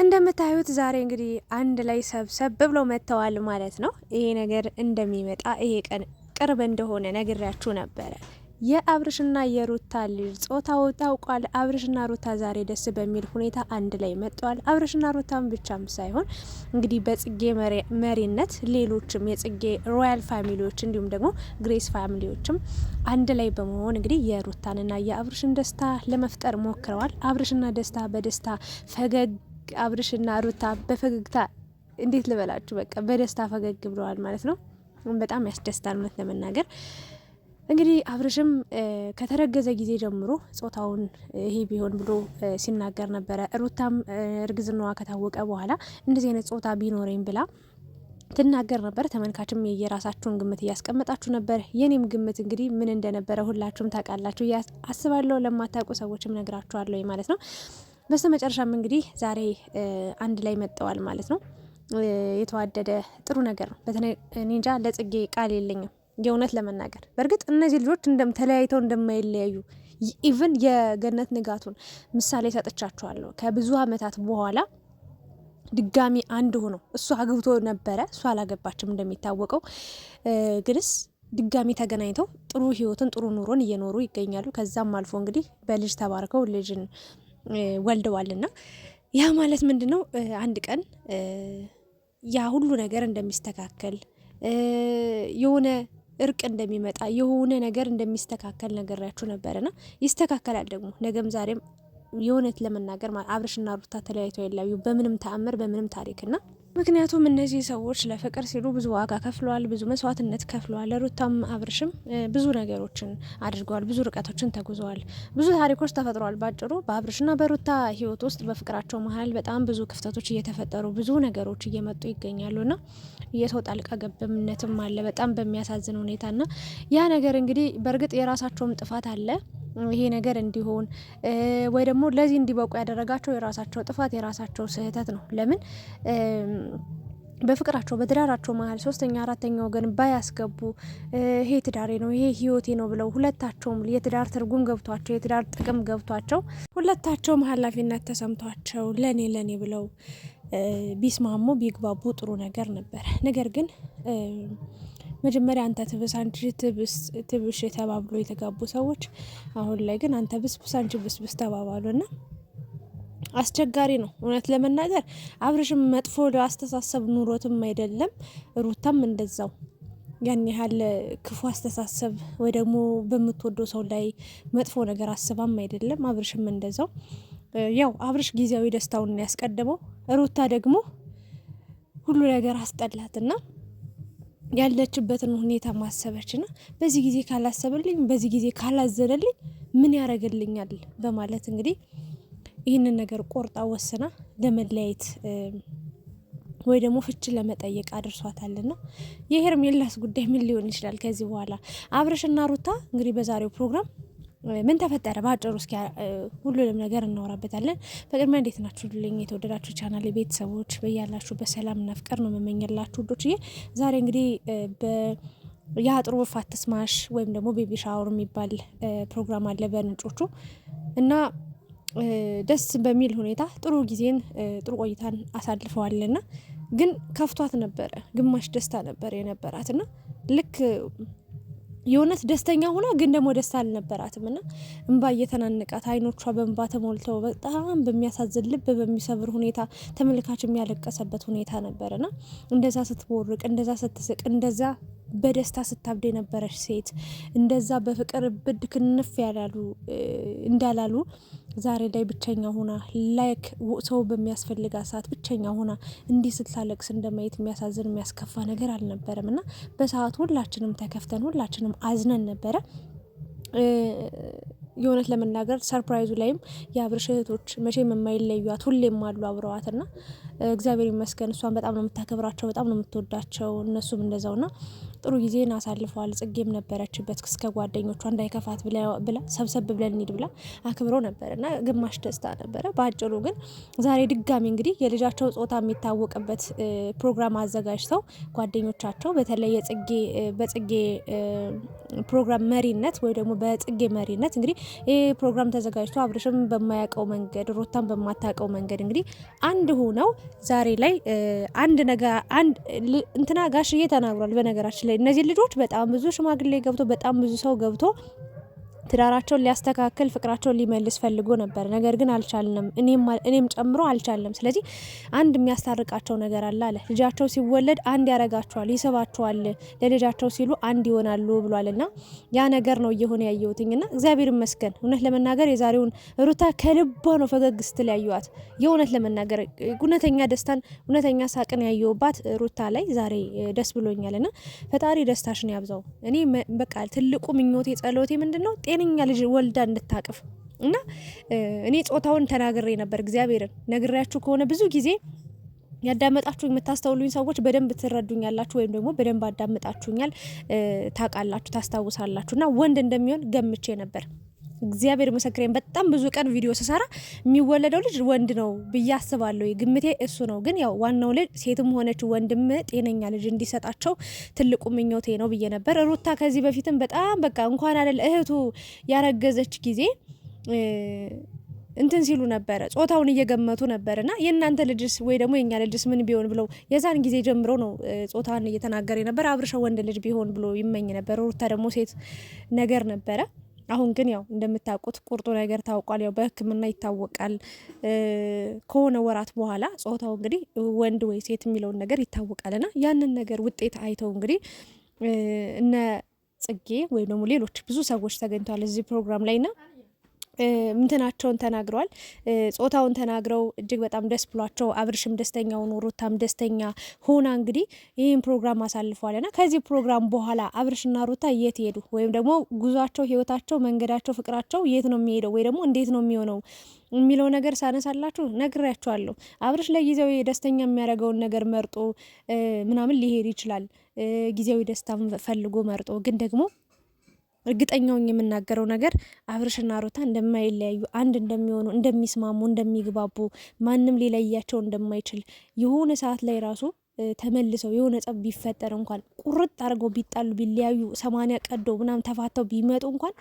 እንደምታዩት ዛሬ እንግዲህ አንድ ላይ ሰብሰብ ብለው መጥተዋል ማለት ነው። ይሄ ነገር እንደሚመጣ ይሄ ቀን ቅርብ እንደሆነ ነግሬያችሁ ነበረ። የአብርሽና የሩታ ልጅ ጾታው ታውቋል። አብርሽና ሩታ ዛሬ ደስ በሚል ሁኔታ አንድ ላይ መጥተዋል። አብርሽና ሩታም ብቻም ሳይሆን እንግዲህ በጽጌ መሪነት ሌሎችም የጽጌ ሮያል ፋሚሊዎች እንዲሁም ደግሞ ግሬስ ፋሚሊዎችም አንድ ላይ በመሆን እንግዲህ የሩታንና የአብርሽን ደስታ ለመፍጠር ሞክረዋል። አብርሽና ደስታ በደስታ ፈገግ አብርሽና ሩታ በፈገግታ እንዴት ልበላችሁ፣ በቃ በደስታ ፈገግ ብለዋል ማለት ነው። በጣም ያስደስታል እውነት ለመናገር እንግዲህ አብርሽም ከተረገዘ ጊዜ ጀምሮ ጾታውን ይሄ ቢሆን ብሎ ሲናገር ነበረ። ሩታም እርግዝናዋ ከታወቀ በኋላ እንደዚህ አይነት ጾታ ቢኖረኝ ብላ ትናገር ነበር። ተመልካችም የየራሳችሁን ግምት እያስቀመጣችሁ ነበር። የኔም ግምት እንግዲህ ምን እንደነበረ ሁላችሁም ታውቃላችሁ አስባለሁ። ለማታውቁ ሰዎችም ነግራችኋለሁ ማለት ነው። በስተ መጨረሻም እንግዲህ ዛሬ አንድ ላይ መጠዋል ማለት ነው። የተዋደደ ጥሩ ነገር ነው። በተለይ እኔ እንጃ ለጽጌ ቃል የለኝም የእውነት ለመናገር በእርግጥ እነዚህ ልጆች እንደም ተለያይተው እንደማይለያዩ ኢቨን የገነት ንጋቱን ምሳሌ ሰጥቻችኋለሁ። ከብዙ አመታት በኋላ ድጋሚ አንድ ሆኖ እሱ አግብቶ ነበረ፣ እሱ አላገባችም እንደሚታወቀው። ግንስ ድጋሚ ተገናኝተው ጥሩ ህይወትን ጥሩ ኑሮን እየኖሩ ይገኛሉ። ከዛም አልፎ እንግዲህ በልጅ ተባርከው ልጅን ወልደዋልና ያ ማለት ምንድን ነው? አንድ ቀን ያ ሁሉ ነገር እንደሚስተካከል የሆነ እርቅ እንደሚመጣ የሆነ ነገር እንደሚስተካከል ነገራችሁ ነበርና ይስተካከላል። ደግሞ ነገም ዛሬም የእውነት ለመናገር አብርሽና ሩታ ተለያይተው የለያዩ በምንም ተአምር በምንም ታሪክና ምክንያቱም እነዚህ ሰዎች ለፍቅር ሲሉ ብዙ ዋጋ ከፍለዋል፣ ብዙ መስዋዕትነት ከፍለዋል። ሩታም አብርሽም ብዙ ነገሮችን አድርገዋል፣ ብዙ ርቀቶችን ተጉዘዋል፣ ብዙ ታሪኮች ተፈጥረዋል። ባጭሩ በአብርሽና በሩታ ህይወት ውስጥ በፍቅራቸው መሀል በጣም ብዙ ክፍተቶች እየተፈጠሩ ብዙ ነገሮች እየመጡ ና የሰው ጣልቃ ገብነትም አለ በጣም በሚያሳዝን ና ያ ነገር እንግዲህ በእርግጥ የራሳቸውም ጥፋት አለ ይሄ ነገር እንዲሆን ወይ ደግሞ ለዚህ እንዲበቁ ያደረጋቸው የራሳቸው ጥፋት የራሳቸው ስህተት ነው። ለምን በፍቅራቸው በትዳራቸው መሀል ሶስተኛ አራተኛ ወገን ባያስገቡ ይሄ ትዳሬ ነው ይሄ ህይወቴ ነው ብለው ሁለታቸውም የትዳር ትርጉም ገብቷቸው የትዳር ጥቅም ገብቷቸው ሁለታቸውም ኃላፊነት ተሰምቷቸው ለኔ ለኔ ብለው ቢስማሙ ቢግባቡ ጥሩ ነገር ነበረ። ነገር ግን መጀመሪያ አንተ ትብስ፣ አንቺ ትብሽ ተባብሎ የተጋቡ ሰዎች አሁን ላይ ግን አንተ ብስብስ፣ አንቺ ብስብስ ተባባሉና አስቸጋሪ ነው። እውነት ለመናገር አብርሽም መጥፎ አስተሳሰብ ኑሮትም አይደለም፣ ሩታም እንደዛው ያን ያህል ክፉ አስተሳሰብ ወይ ደግሞ በምትወደው ሰው ላይ መጥፎ ነገር አስባም አይደለም። አብርሽም እንደዛው ያው አብርሽ ጊዜያዊ ደስታውን ያስቀድመው፣ ሩታ ደግሞ ሁሉ ነገር አስጠላትና ያለችበትን ሁኔታ ማሰበች ና በዚህ ጊዜ ካላሰበልኝ፣ በዚህ ጊዜ ካላዘነልኝ ምን ያደርግልኛል በማለት እንግዲህ ይህንን ነገር ቆርጣ ወስና ለመለያየት ወይ ደግሞ ፍች ለመጠየቅ ና የሄርሜላስ ጉዳይ ምን ሊሆን ይችላል? ከዚህ በኋላ አብረሽና ሩታ እንግዲህ በዛሬው ፕሮግራም ምን ተፈጠረ በአጭሩ እስኪ ሁሉንም ነገር እናወራበታለን። በቅድሚያ እንዴት ናችሁ ልኝ የተወደዳችሁ ቻናል ቤተሰቦች በያላችሁ ሰላምና ፍቅር ነው መመኘላችሁ ውዶችዬ። ዛሬ እንግዲህ የአጥሩ ወፍ አትስማሽ ወይም ደግሞ ቤቢ ሻወር የሚባል ፕሮግራም አለ በነጮቹ እና ደስ በሚል ሁኔታ ጥሩ ጊዜን ጥሩ ቆይታን አሳልፈዋልና ግን ከፍቷት ነበረ። ግማሽ ደስታ ነበር የነበራትና ልክ የእውነት ደስተኛ ሆና ግን ደግሞ ደስታ አልነበራትም እና እንባ እየተናነቃት አይኖቿ በእንባ ተሞልተው በጣም በሚያሳዝን ልብ በሚሰብር ሁኔታ ተመልካች የሚያለቀሰበት ሁኔታ ነበርና እንደዛ ስትቦርቅ፣ እንደዛ ስትስቅ፣ እንደዛ በደስታ ስታብድ የነበረች ሴት እንደዛ በፍቅር ብድ ክንፍ እንዳላሉ ዛሬ ላይ ብቸኛ ሆና ላይክ ሰው በሚያስፈልጋ ሰዓት ብቸኛ ሆና እንዲህ ስታለቅስ እንደማየት የሚያሳዝን የሚያስከፋ ነገር አልነበረም እና በሰዓት ሁላችንም ተከፍተን ሁላችንም አዝነን ነበረ። የእውነት ለመናገር ሰርፕራይዙ ላይም የአብርሽ እህቶች መቼም የማይለዩት ሁሌም አሉ አብረዋት እና እግዚአብሔር ይመስገን እሷን በጣም ነው የምታከብራቸው፣ በጣም ነው የምትወዳቸው እነሱም እንደዛው ና ጥሩ ጊዜን አሳልፈዋል። ጽጌም ነበረችበት እስከ ጓደኞቿ እንዳይከፋት ብላ ሰብሰብ ብለን እንሂድ ብላ አክብሮ ነበር እና ግማሽ ደስታ ነበረ። በአጭሩ ግን ዛሬ ድጋሚ እንግዲህ የልጃቸው ጾታ የሚታወቅበት ፕሮግራም አዘጋጅተው ጓደኞቻቸው በተለይ የጽጌ በጽጌ ፕሮግራም መሪነት ወይ ደግሞ በጽጌ መሪነት እንግዲህ ይህ ፕሮግራም ተዘጋጅቶ አብርሽም በማያውቀው መንገድ ሮታን በማታውቀው መንገድ እንግዲህ አንድ ሆነው ዛሬ ላይ አንድ ነገ አንድ እንትና ጋሽዬ ተናግሯል በነገራችን ላይ እነዚህ ልጆች በጣም ብዙ ሽማግሌ ገብቶ በጣም ብዙ ሰው ገብቶ ትዳራቸውን ሊያስተካክል ፍቅራቸውን ሊመልስ ፈልጎ ነበር። ነገር ግን አልቻልንም፣ እኔም ጨምሮ አልቻልንም። ስለዚህ አንድ የሚያስታርቃቸው ነገር አለ አለ። ልጃቸው ሲወለድ አንድ ያረጋቸዋል፣ ይስባቸዋል፣ ለልጃቸው ሲሉ አንድ ይሆናሉ ብሏል። እና ያ ነገር ነው እየሆነ ያየሁትኝ እና እግዚአብሔር ይመስገን። እውነት ለመናገር የዛሬውን ሩታ ከልቧ ነው ፈገግ ስትል ያየዋት። የእውነት ለመናገር እውነተኛ ደስታን እውነተኛ ሳቅን ያየውባት ሩታ ላይ ዛሬ ደስ ብሎኛል። እና ፈጣሪ ደስታሽን ያብዛው። እኔ በቃ ትልቁ ምኞቴ ጸሎቴ ምንድን ነው ጤነኛ ልጅ ወልዳ እንድታቅፍ እና እኔ ጾታውን ተናግሬ ነበር። እግዚአብሔርን ነግሬያችሁ ከሆነ ብዙ ጊዜ ያዳመጣችሁ የምታስተውሉኝ ሰዎች በደንብ ትረዱኛላችሁ፣ ወይም ደግሞ በደንብ አዳምጣችሁኛል፣ ታውቃላችሁ፣ ታስታውሳላችሁ። እና ወንድ እንደሚሆን ገምቼ ነበር። እግዚአብሔር መሰክሬን በጣም ብዙ ቀን ቪዲዮ ስሰራ የሚወለደው ልጅ ወንድ ነው ብዬ አስባለሁ። ግምቴ እሱ ነው። ግን ያው ዋናው ልጅ ሴትም ሆነች ወንድም ጤነኛ ልጅ እንዲሰጣቸው ትልቁ ምኞቴ ነው ብዬ ነበር። ሩታ ከዚህ በፊትም በጣም በቃ እንኳን አይደል እህቱ ያረገዘች ጊዜ እንትን ሲሉ ነበረ ጾታውን እየገመቱ ነበር። እና የእናንተ ልጅስ ወይ ደግሞ የኛ ልጅስ ምን ቢሆን ብለው የዛን ጊዜ ጀምሮ ነው ጾታን እየተናገረ ነበር። አብርሸ ወንድ ልጅ ቢሆን ብሎ ይመኝ ነበር። ሩታ ደግሞ ሴት ነገር ነበረ። አሁን ግን ያው እንደምታውቁት ቁርጡ ነገር ታውቋል። ያው በሕክምና ይታወቃል። ከሆነ ወራት በኋላ ጾታው እንግዲህ ወንድ ወይ ሴት የሚለውን ነገር ይታወቃልና ያንን ነገር ውጤት አይተው እንግዲህ እነ ጽጌ ወይም ደግሞ ሌሎች ብዙ ሰዎች ተገኝተዋል እዚህ ፕሮግራም ላይ ና ምንትናቸውን ተናግረዋል። ጾታውን ተናግረው እጅግ በጣም ደስ ብሏቸው አብርሽም ደስተኛ ሆኖ ሩታም ደስተኛ ሆና እንግዲህ ይህን ፕሮግራም አሳልፈዋል ና ከዚህ ፕሮግራም በኋላ አብርሽና ሩታ የት ሄዱ ወይም ደግሞ ጉዟቸው፣ ህይወታቸው፣ መንገዳቸው፣ ፍቅራቸው የት ነው የሚሄደው ወይ ደግሞ እንዴት ነው የሚሆነው የሚለው ነገር ሳነሳላችሁ ነግሬያችኋለሁ። አብርሽ ለጊዜው ደስተኛ የሚያደርገውን ነገር መርጦ ምናምን ሊሄድ ይችላል ጊዜያዊ ደስታ ፈልጎ መርጦ ግን ደግሞ እርግጠኛውን የምናገረው ነገር አብርሽና ሩታ እንደማይለያዩ አንድ እንደሚሆኑ፣ እንደሚስማሙ፣ እንደሚግባቡ ማንም ሊለያቸው እንደማይችል የሆነ ሰዓት ላይ ራሱ ተመልሰው የሆነ ጸብ ቢፈጠር እንኳን ቁርጥ አድርገው ቢጣሉ ቢለያዩ ሰማንያ ቀዶ ምናም ተፋተው ቢመጡ እንኳን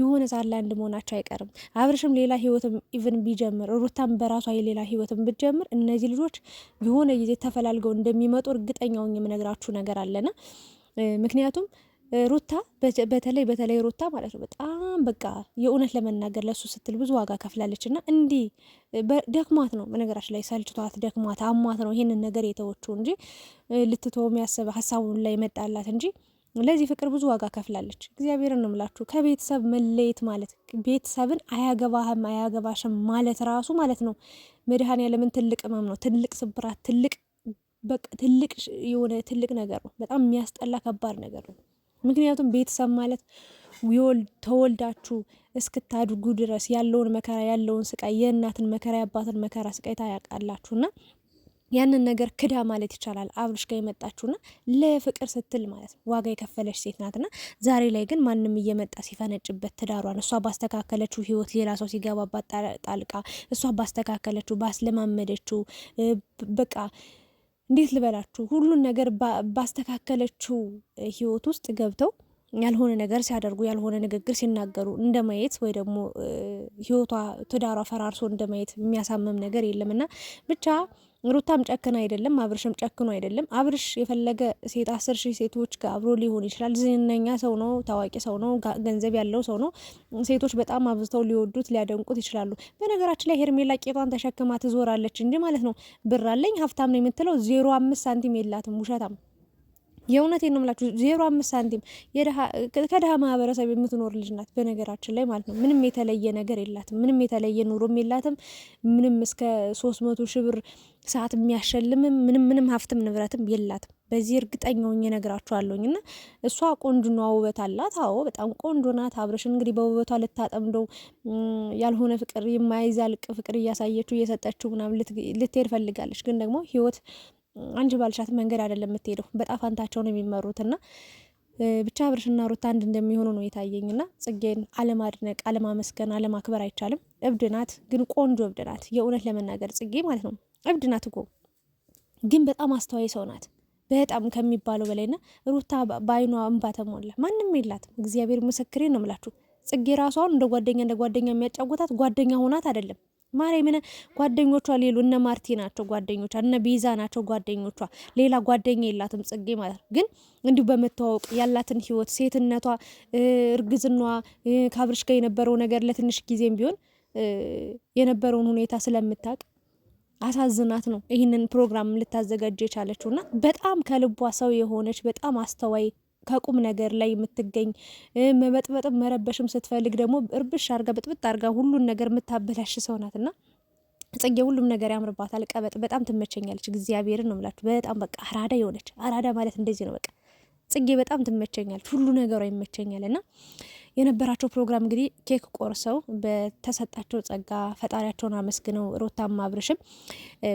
የሆነ ሰዓት ላይ አንድ መሆናቸው አይቀርም። አብርሽም ሌላ ህይወትም ኢቭን ቢጀምር ሩታም በራሷ የሌላ ህይወትም ብትጀምር እነዚህ ልጆች የሆነ ጊዜ ተፈላልገው እንደሚመጡ እርግጠኛውን የምነግራችሁ ነገር አለና ምክንያቱም ሩታ በተለይ በተለይ ሩታ ማለት ነው በጣም በቃ የእውነት ለመናገር ለእሱ ስትል ብዙ ዋጋ ከፍላለች እና እንዲህ ደክሟት ነው በነገራችን ላይ ሰልችቷት ደክሟት አሟት ነው ይህንን ነገር የተወችው እንጂ ልትተው የሚያሰበ ሀሳቡን ላይ መጣላት እንጂ ለዚህ ፍቅር ብዙ ዋጋ ከፍላለች። እግዚአብሔርን ነው የምላችሁ። ከቤተሰብ መለየት ማለት ቤተሰብን አያገባህም አያገባሽም ማለት ራሱ ማለት ነው ያለምን ትልቅ ህመም ነው፣ ትልቅ ስብራት፣ ትልቅ በቃ ትልቅ የሆነ ትልቅ ነገር ነው። በጣም የሚያስጠላ ከባድ ነገር ነው። ምክንያቱም ቤተሰብ ማለት ተወልዳችሁ እስክታድጉ ድረስ ያለውን መከራ ያለውን ስቃይ የእናትን መከራ የአባትን መከራ ስቃይ ታያውቃላችሁና ያንን ነገር ክዳ ማለት ይቻላል። አብርሽ ጋር የመጣችሁና ለፍቅር ስትል ማለት ነው ዋጋ የከፈለች ሴት ናትና፣ ዛሬ ላይ ግን ማንም እየመጣ ሲፈነጭበት ትዳሯን እሷ ባስተካከለችው ሕይወት ሌላ ሰው ሲገባባት ጣልቃ እሷ ባስተካከለችው ባስለማመደችው በቃ እንዴት ልበላችሁ ሁሉን ነገር ባስተካከለችው ህይወት ውስጥ ገብተው ያልሆነ ነገር ሲያደርጉ ያልሆነ ንግግር ሲናገሩ እንደማየት ወይ ደግሞ ህይወቷ ትዳሯ ፈራርሶ እንደማየት የሚያሳምም ነገር የለምና ብቻ ሩታም ጨክን አይደለም፣ አብርሽም ጨክኖ አይደለም። አብርሽ የፈለገ ሴት አስር ሺህ ሴቶች ጋር አብሮ ሊሆን ይችላል። ዝነኛ ሰው ነው፣ ታዋቂ ሰው ነው፣ ገንዘብ ያለው ሰው ነው። ሴቶች በጣም አብዝተው ሊወዱት ሊያደንቁት ይችላሉ። በነገራችን ላይ ሄርሜላ ቄጧን ተሸክማ ትዞራለች እንጂ ማለት ነው። ብር አለኝ ሀብታም ነው የምትለው ዜሮ አምስት ሳንቲም የላትም ውሸታም የእውነቴን ነው የምላችሁ። ዜሮ አምስት ሳንቲም ከድሃ ማህበረሰብ የምትኖር ልጅ ናት፣ በነገራችን ላይ ማለት ነው። ምንም የተለየ ነገር የላትም፣ ምንም የተለየ ኑሮም የላትም። ምንም እስከ ሶስት መቶ ሺህ ብር ሰዓት የሚያሸልምም ምንም ምንም ሀብትም ንብረትም የላትም። በዚህ እርግጠኛ ሆኜ እነግራችኋለሁኝ። እና እሷ ቆንጆና ውበት አላት። አዎ በጣም ቆንጆ ናት። አብረሽን እንግዲህ በውበቷ ልታጠምደው ያልሆነ ፍቅር የማይዛልቅ ፍቅር እያሳየችው እየሰጠችው ምናምን ልትሄድ ፈልጋለች። ግን ደግሞ ህይወት አንቺ ባልሻት መንገድ አይደለም የምትሄደው፣ በጣፋንታቸው ነው የሚመሩት እና ብቻ አብርሽና ሩታ አንድ እንደሚሆኑ ነው የታየኝ። ና ጽጌን አለማድነቅ፣ አለማመስገን፣ አለማክበር አይቻልም። እብድ ናት፣ ግን ቆንጆ እብድ ናት። የእውነት ለመናገር ጽጌ ማለት ነው እብድ ናት እኮ ግን በጣም አስተዋይ ሰው ናት። በጣም ከሚባለው በላይ ና ሩታ በአይኗ እንባ ተሞላ። ማንም የላትም። እግዚአብሔር ምስክሬ ነው የምላችሁ። ጽጌ ራሷን እንደ ጓደኛ እንደ ጓደኛ የሚያጫወታት ጓደኛ ሆናት አይደለም ማርያምን ጓደኞቿ ሌሉ እነ ማርቲ ናቸው ጓደኞቿ፣ እነ ቤዛ ናቸው ጓደኞቿ። ሌላ ጓደኛ የላትም ጽጌ ማለት ግን እንዲሁ በመተዋወቅ ያላትን ህይወት፣ ሴትነቷ፣ እርግዝኗ ካብርሽ ጋር የነበረው ነገር ለትንሽ ጊዜም ቢሆን የነበረውን ሁኔታ ስለምታውቅ አሳዝናት ነው ይህንን ፕሮግራም ልታዘጋጅ የቻለችው እና በጣም ከልቧ ሰው የሆነች በጣም አስተዋይ ከቁም ነገር ላይ የምትገኝ መበጥበጥም መረበሽም ስትፈልግ ደግሞ እርብሽ አርጋ ብጥብጥ አርጋ ሁሉን ነገር የምታበላሽ ሰው ናትና ጽጌ ሁሉም ነገር ያምርባታል። ቀበጥ በጣም ትመቸኛለች። እግዚአብሔርን ነው ምላችሁ። በጣም በቃ አራዳ የሆነች አራዳ ማለት እንደዚህ ነው። በቃ ጽጌ በጣም ትመቸኛለች። ሁሉ ነገሯ ይመቸኛል እና የነበራቸው ፕሮግራም እንግዲህ ኬክ ቆርሰው በተሰጣቸው ጸጋ ፈጣሪያቸውን አመስግነው ሩታም አብርሽም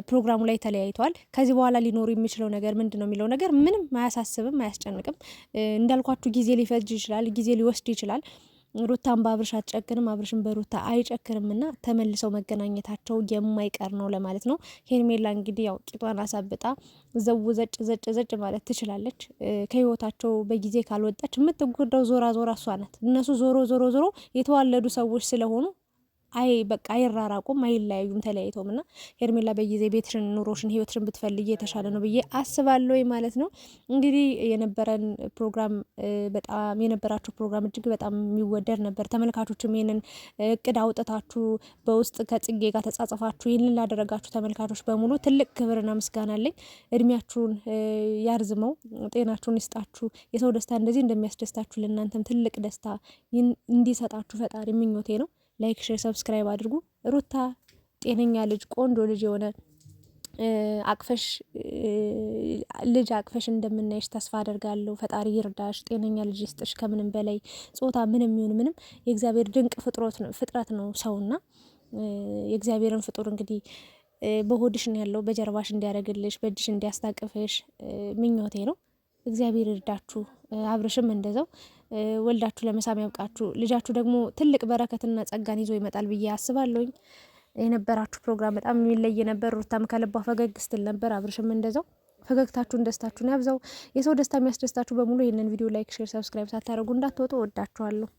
ፕሮግራሙ ላይ ተለያይተዋል። ከዚህ በኋላ ሊኖሩ የሚችለው ነገር ምንድን ነው የሚለው ነገር ምንም አያሳስብም፣ አያስጨንቅም። እንዳልኳችሁ ጊዜ ሊፈጅ ይችላል፣ ጊዜ ሊወስድ ይችላል። ሩታን በአብርሽ አትጨክርም፣ አብርሽን በሩታ አይጨክርም እና ተመልሰው መገናኘታቸው የማይቀር ነው ለማለት ነው። ሄርሜላ እንግዲህ ያው ቂጧን አሳብጣ ዘው ዘጭ ዘጭ ዘጭ ማለት ትችላለች። ከህይወታቸው በጊዜ ካልወጣች የምትጎዳው ዞራ ዞራ እሷ ናት። እነሱ ዞሮ ዞሮ ዞሮ የተዋለዱ ሰዎች ስለሆኑ አይ በቃ አይራራቁም፣ አይለያዩም ተለያይተውም እና ሄርሜላ በጊዜ ቤትሽን፣ ኑሮሽን፣ ህይወትሽን ብትፈልጊ የተሻለ ነው ብዬ አስባለሁ ማለት ነው። እንግዲህ የነበረን ፕሮግራም በጣም የነበራችሁ ፕሮግራም እጅግ በጣም የሚወደድ ነበር። ተመልካቾችም ይህንን እቅድ አውጥታችሁ በውስጥ ከጽጌ ጋር ተጻጽፋችሁ ይህንን ላደረጋችሁ ተመልካቾች በሙሉ ትልቅ ክብርና ምስጋና አለኝ። እድሜያችሁን ያርዝመው፣ ጤናችሁን ይስጣችሁ። የሰው ደስታ እንደዚህ እንደሚያስደስታችሁ ለእናንተም ትልቅ ደስታ እንዲሰጣችሁ ፈጣሪ ምኞቴ ነው። ላይክ፣ ሼር፣ ሰብስክራይብ አድርጉ። ሩታ ጤነኛ ልጅ ቆንጆ ልጅ የሆነ አቅፈሽ ልጅ አቅፈሽ እንደምናይሽ ተስፋ አደርጋለሁ። ፈጣሪ ይርዳሽ፣ ጤነኛ ልጅ ይስጥሽ። ከምንም በላይ ጾታ ምንም ይሁን ምንም የእግዚአብሔር ድንቅ ፍጥረት ነው ሰውና የእግዚአብሔርን ፍጡር እንግዲህ በሆድሽ ነው ያለው፣ በጀርባሽ እንዲያደርግልሽ፣ በእጅሽ እንዲያስታቅፍሽ ምኞቴ ነው። እግዚአብሔር ይርዳችሁ። አብርሽም እንደዛው ወልዳችሁ ለመሳም ያብቃችሁ። ልጃችሁ ደግሞ ትልቅ በረከትና ጸጋን ይዞ ይመጣል ብዬ አስባለሁኝ። የነበራችሁ ፕሮግራም በጣም የሚለይ ነበር። ሩታም ከልቧ ፈገግ ስትል ነበር፣ አብርሽም እንደዛው። ፈገግታችሁን ደስታችሁን ያብዛው። የሰው ደስታ የሚያስደስታችሁ በሙሉ ይህንን ቪዲዮ ላይክ፣ ሼር፣ ሰብስክራይብ ሳታደርጉ እንዳትወጡ። ወዳችኋለሁ።